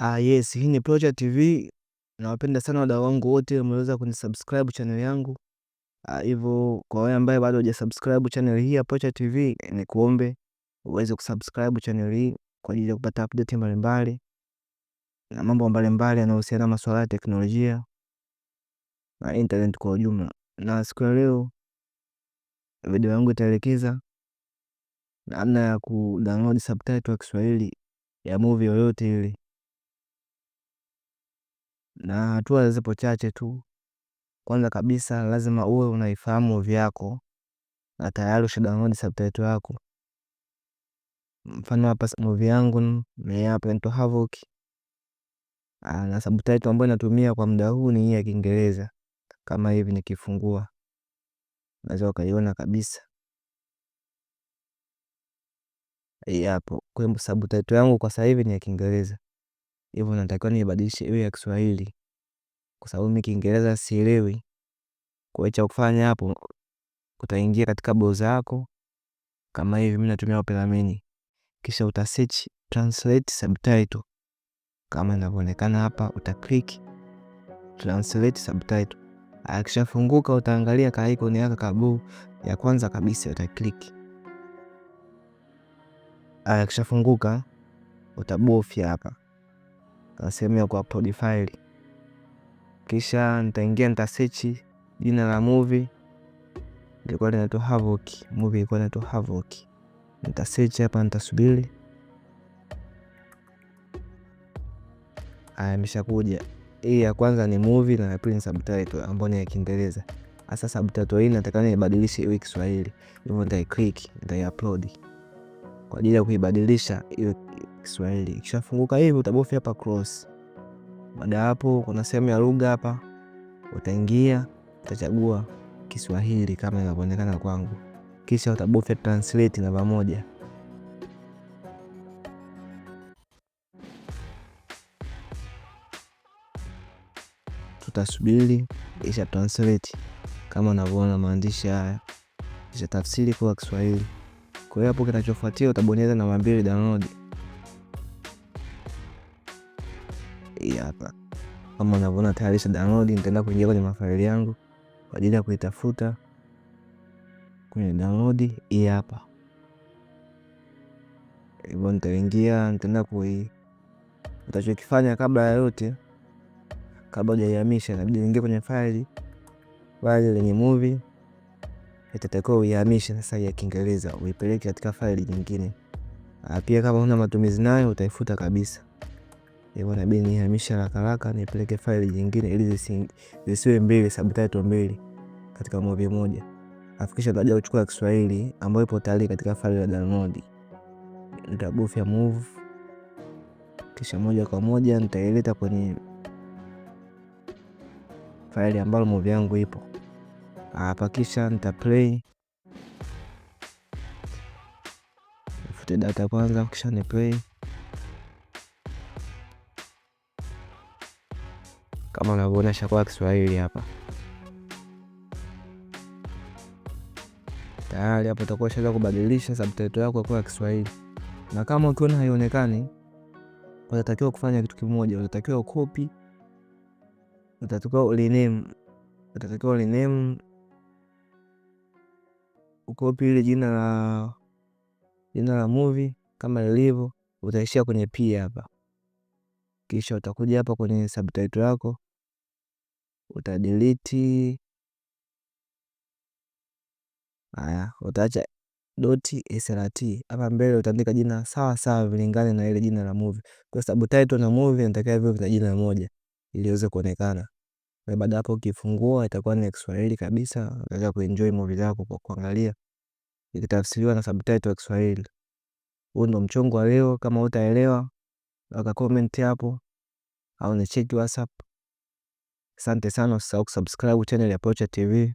Ah, Yes, hii ni Procha TV. Nawapenda sana wadau wangu wote wameweza kunisubscribe channel yangu. Ah, hivyo kwa wewe ambaye bado hujasubscribe channel hii ya Procha TV, ni kuombe uweze kusubscribe channel hii kwa ajili ya kupata update mbalimbali na mambo mbalimbali yanayohusiana na masuala ya teknolojia na internet kwa ujumla. Na siku ya leo video yangu itaelekeza namna ya kudownload subtitle ya Kiswahili ya movie yoyote ile na hatua zipo chache tu. Kwanza kabisa lazima uwe unaifahamu movie yako na tayari download subtitle yako. Mfano hapa movie yangu ni hapa inaitwa Havoc, ah, na subtitle ambayo natumia kwa muda huu ni hii ya Kiingereza. Kama hivi nikifungua, naweza ukaiona kabisa hii hapo. Kwa sababu subtitle yangu kwa sasa hivi ni ya Kiingereza hivyo natakiwa nibadilishe iwe ya Kiswahili kwa sababu mimi Kiingereza sielewi. Kwa hiyo cha kufanya hapo, utaingia katika browser yako kama hivi, mimi natumia Opera mini, kisha uta search translate subtitle kama inavyoonekana hapa, uta click translate subtitle. Akishafunguka utaangalia ka icon yake ka ya kwanza kabisa, uta click. Akishafunguka utabofya hapa sehemu ya kuupload file, kisha nitaingia nitasearch jina la movie ilikuwa linaitwa Havoc. Movie ilikuwa inaitwa Havoc. Nitasearch hapa, nitasubiri. Aya, imeshakuja hii ya kwanza ni movie na ya pili ni subtitle ambayo ni ya Kiingereza. Sasa subtitle hii nataka nibadilishe iwe Kiswahili, hivyo nitaikliki, nitaiupload kwa ajili ya kuibadilisha iwe Kiswahili. Ikishafunguka hivi utabofya hapa cross. Baada hapo, kuna sehemu ya lugha hapa, utaingia utachagua Kiswahili kama inavyoonekana kwangu, kisha utabofya translate namba moja. Tutasubiri kisha translate kama unavyoona maandishi haya, kisha tafsiri kwa Kiswahili. Kwa hiyo hapo, kinachofuatia utabonyeza namba mbili, download. hii hapa. Kama unavyoona tayari sha download, nitaenda kuingia kwenye mafaili yangu kwa ajili ya kuitafuta kwenye download hii hapa. Hivyo nitaingia, nitaenda kui, utachokifanya kabla ya yote, kabla hujaihamisha, inabidi uingie kwenye faili, faili lenye movie itatakiwa uihamishe sasa ya Kiingereza uipeleke katika faili nyingine. Ah, pia kama una matumizi nayo utaifuta kabisa inabidi eh, nihamisha haraka haraka nipeleke faili nyingine ili zisiwe mbili, subtitle mbili katika movie moja. Afikisha kisha kuchukua Kiswahili ambayo ipo tayari katika faili la download, nitabofya move, kisha moja kwa moja nitaileta kwenye faili ambalo movie yangu ipo hapa, kisha nita play nifute data kwanza, kisha ni play kama unavyoona shakoa Kiswahili hapa tayari hapo utakuwa shaza kubadilisha subtitle yako kwa Kiswahili, na kama ukiona haionekani, utatakiwa kufanya kitu kimoja, utatakiwa copy, utatakiwa rename, utatakiwa rename, ukopi ile jina la jina la movie kama lilivyo, utaishia kwenye p hapa. Kisha utakuja hapa kwenye subtitle yako utadelete haya, utaacha doti srt hapa mbele, utaandika jina sawa sawa vilingane na ile jina la movie, kwa sababu title na movie inatakiwa hivyo vina jina moja ili iweze kuonekana. Kwa baada hapo, ukifungua itakuwa ni Kiswahili kabisa, unaweza kuenjoy movie zako kwa kuangalia ikitafsiriwa na subtitle ya Kiswahili. Huu ndo mchongo wa leo, kama utaelewa weka comment hapo au nicheki WhatsApp. Asante sana, usisahau kusubscribe channel ya Procha TV.